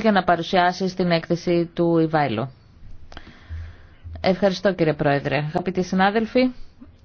για να παρουσιάσεις την έκθεση του Ιβάιλο. Ευχαριστώ κύριε Πρόεδρε. Αγαπητοί συνάδελφοι,